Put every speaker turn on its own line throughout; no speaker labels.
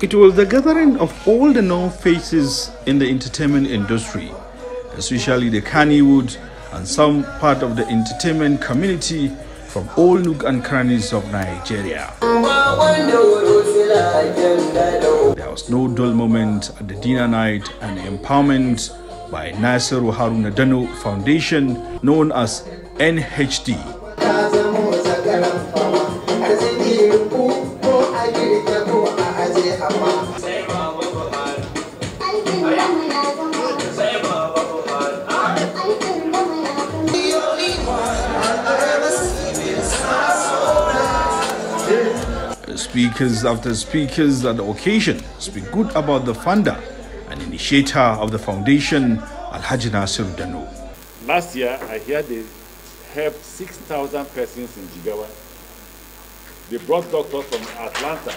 It was the gathering of all the known faces in the entertainment industry, especially the Kannywood and some part of the entertainment community from all nook and crannies of Nigeria. There was no dull moment at the dinner night and empowerment by Nasser Haruna Dano Foundation known as NHD. speakers after speakers at the occasion speak good about the funder and initiator of the foundation, Alhaji Nasir Danu. Last year, I hear they helped 6,000 persons in Jigawa. They brought doctors from Atlanta,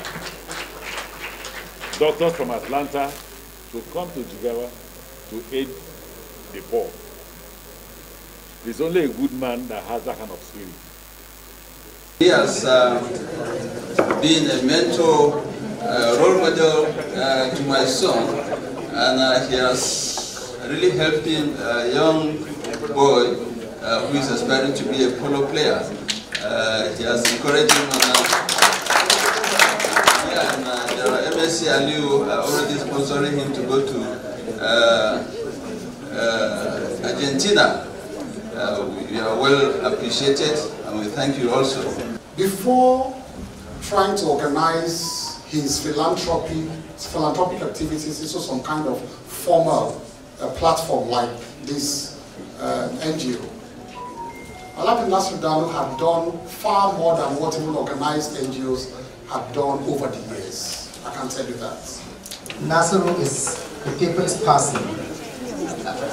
doctors from Atlanta, to come to Jigawa to aid the poor. There's only a good man that has that kind of spirit. He has uh, been a mentor, uh, role model uh, to my son, and uh, he has really helped a uh, young boy uh, who is aspiring to be a polo player. he has encouraged him Tracy Aliu uh, already sponsoring him to go to uh, uh, Argentina. we uh, are well appreciated and we thank you also. Before trying to organize his philanthropy, philanthropic activities into some kind of formal uh, platform like this uh, NGO, Aladdin Nasrudano had done far more than what even organized NGOs had done over the years. I can tell you that. Nasiru is a people's person,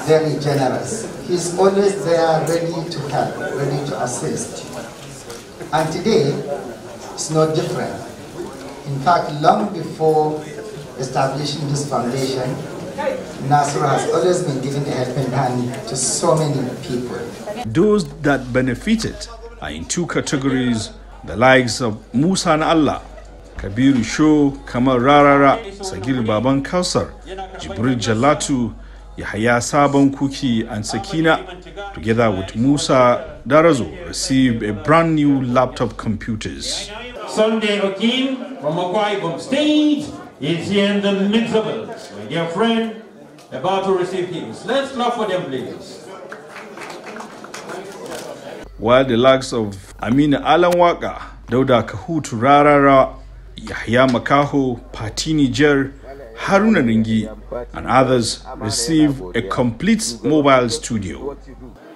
very generous. He's always there ready to help, ready to assist. And today, it's no different. In fact, long before establishing this foundation, Nasiru has always been giving a helping hand to so many people. Those that benefited are in two categories, the likes of Musa and Allah, kabiru sho kamar rarara sagir baban kausar jibril jalatu yahaya sabon kuki and sakina together with musa darazo received a brand new laptop computers sunday okin from Makwai from stage is here in the midst of us my dear friend about to receive his let's clap for them please while the likes of Amina Alanwaka, Dauda Kahoot Rarara, Yahya Makaho, Patini Jer, Haruna Ringi, and others receive a complete mobile studio.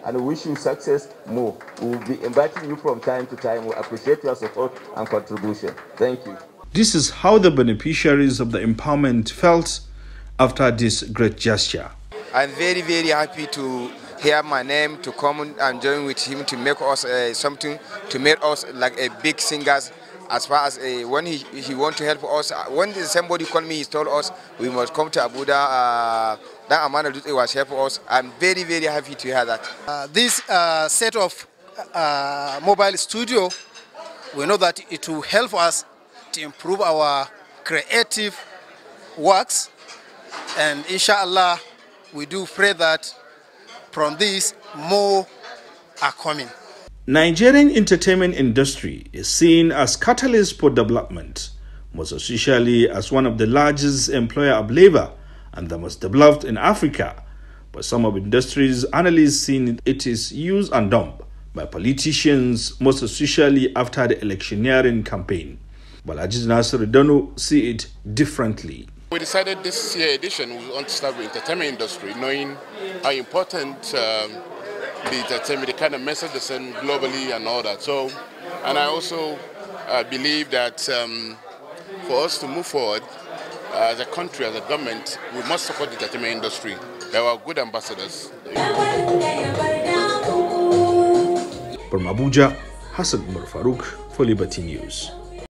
And wish you success more. We'll be inviting you from time to time. We appreciate your support and contribution. Thank you. This is how the beneficiaries of the empowerment felt after this great gesture. I'm very, very happy to hear my name, to come and join with him, to make us uh, something, to make us like a big singers as far as uh, when he, he want to help us, uh, when somebody called me, he told us we must come to Abuja. Uh, that Amanda was was helping us. I'm very, very happy to hear that. Uh, this uh, set of uh, mobile studio, we know that it will help us to improve our creative works. And inshallah, we do pray that from this, more are coming. Nigerian entertainment industry is seen as catalyst for development, most especially as one of the largest employer of labor and the most developed in Africa. But some of industry's analysts seen it is used and dumped by politicians, most especially after the electioneering campaign. But Ajit Nasser Dono see it differently. We decided this year edition we want to start with entertainment industry, knowing how important um, the entertainment, the kind of message they send globally and all that. So, and I also uh, believe that um, for us to move forward uh, as a country, as a government, we must support the entertainment industry. They are good ambassadors. From Abuja, Hassan Umar Farouk for Liberty News.